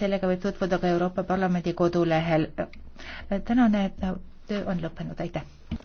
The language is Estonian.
sellega võib tutvuda ka Euroopa Parlamendi kodulehel. tänane töö on lõppenud, aitäh!